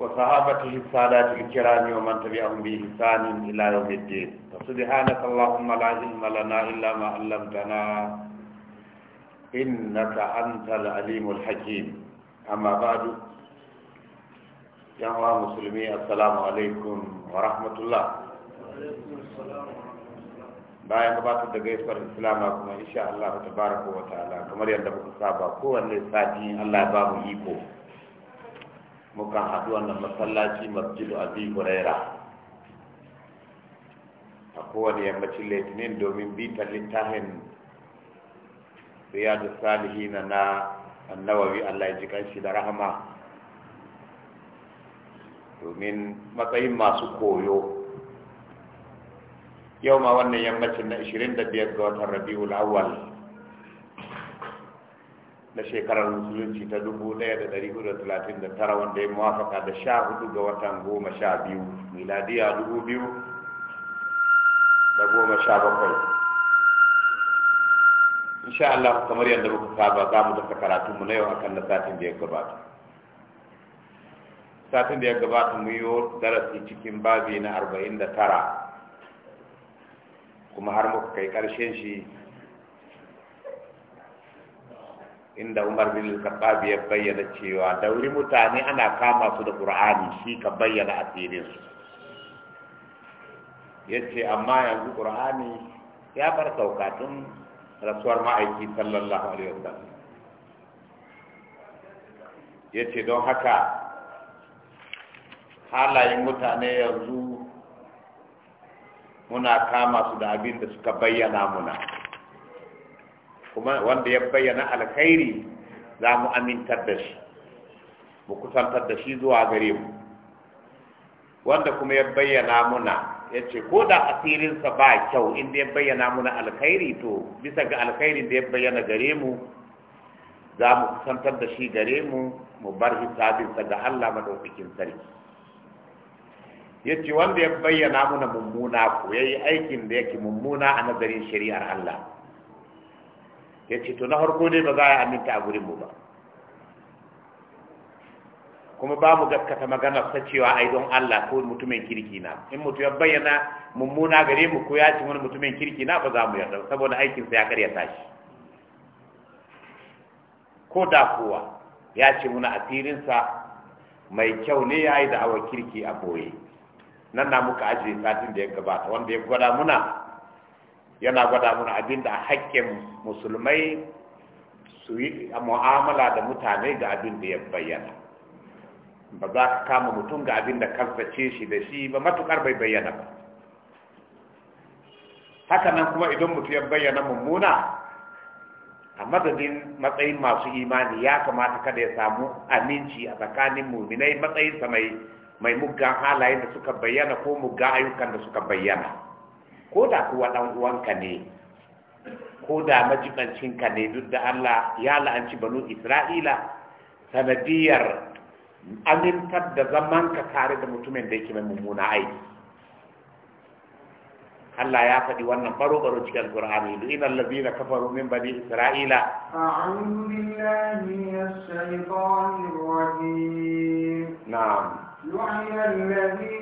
وصحابته السادات الكرام ومن تبعهم بإحسان إلى يوم الدين فسبحانك اللهم لا علم لنا إلا ما علمتنا إنك أنت العليم الحكيم أما بعد يا مسلمي السلام عليكم ورحمة الله bayan gabatar da gaisuwar islama kuma insha Allah tabaraka wa ta'ala kamar yadda muka saba kowanne sati Allah ya ba mu iko mukan haɗu wannan masallaci masjidu abi huraira a kowane yammacin litinin domin bitar littafin riyadu salihina na annawawi allah ya ji kanshi da rahama domin matsayin masu koyo yau ma wannan yammacin na 25 ga watan rabi'ul awwal na shekarar musulunci ta 1439 wanda ya mawafaka da sha hudu ga watan goma sha biyu miladiya dubu biyu da goma sha bakwai insha Allah kamar yadda muka saba za mu dafa karatunmu na yau akan na satin da ya gabata satin da ya gabata mu yi darasi cikin babi na arba'in da tara kuma har muka kai karshen shi inda Umar bin Khattab ya bayyana cewa dauri mutane ana kama su da Qur'ani shi ka bayyana asirin su yace amma yanzu Qur'ani ya bar saukatun rasuwar ma'aiki sallallahu alaihi wasallam yace don haka halayen mutane yanzu muna kama su da abin da suka bayyana muna kuma wanda ya bayyana alkhairi za mu amintar da shi mu kusantar da shi zuwa gare mu wanda kuma ya bayyana muna ya ko da asirinsa ba kyau inda ya bayyana muna alkhairi to bisa ga alkhairin da ya bayyana gare mu za mu kusantar da shi gare mu mu bar hisabinsa ga Allah madaukakin sarki ya ce wanda ya bayyana muna mummuna ko ya yi aikin da yake mummuna a nazarin shari'ar Allah ya ce to na harko ne ba za a aminta a gurin mu ba kuma ba mu gaskata magana ta cewa ai don Allah ko mutumin kirki na in mutu ya bayyana mummuna gare mu ko ya ci wani mutumin kirki na ba za mu yarda saboda aikin sa ya karya tashi ko da kowa ya ce muna asirin sa mai kyau ne ya yi awa kirki a boye nan na muka ajiye satin da ya gabata wanda ya gwada muna yana gwada mana abinda da hakkin musulmai su yi mu'amala da mutane ga abin ya bayyana ba za ka kama mutum ga abinda da shi da shi ba matukar bai bayyana ba haka nan kuma idan mutum ya bayyana mummuna a madadin matsayin masu imani ya kamata kada ya samu aminci a tsakanin muminai matsayinsa mai mai muggan halayen da suka bayyana ko muggan ayyukan da suka bayyana ko da kuwa ɗan uwanka ne ko da majibancinka ne duk da Allah ya la'anci banu Isra'ila sanadiyar amintar da zamanka tare da mutumin da yake mai mummuna aiki Allah ya faɗi wannan baro-baro cikin Al-Qur'ani duk ina allazina kafaru min bani Isra'ila a'udhu billahi minash shaitanir rajim na'am yu'ayyu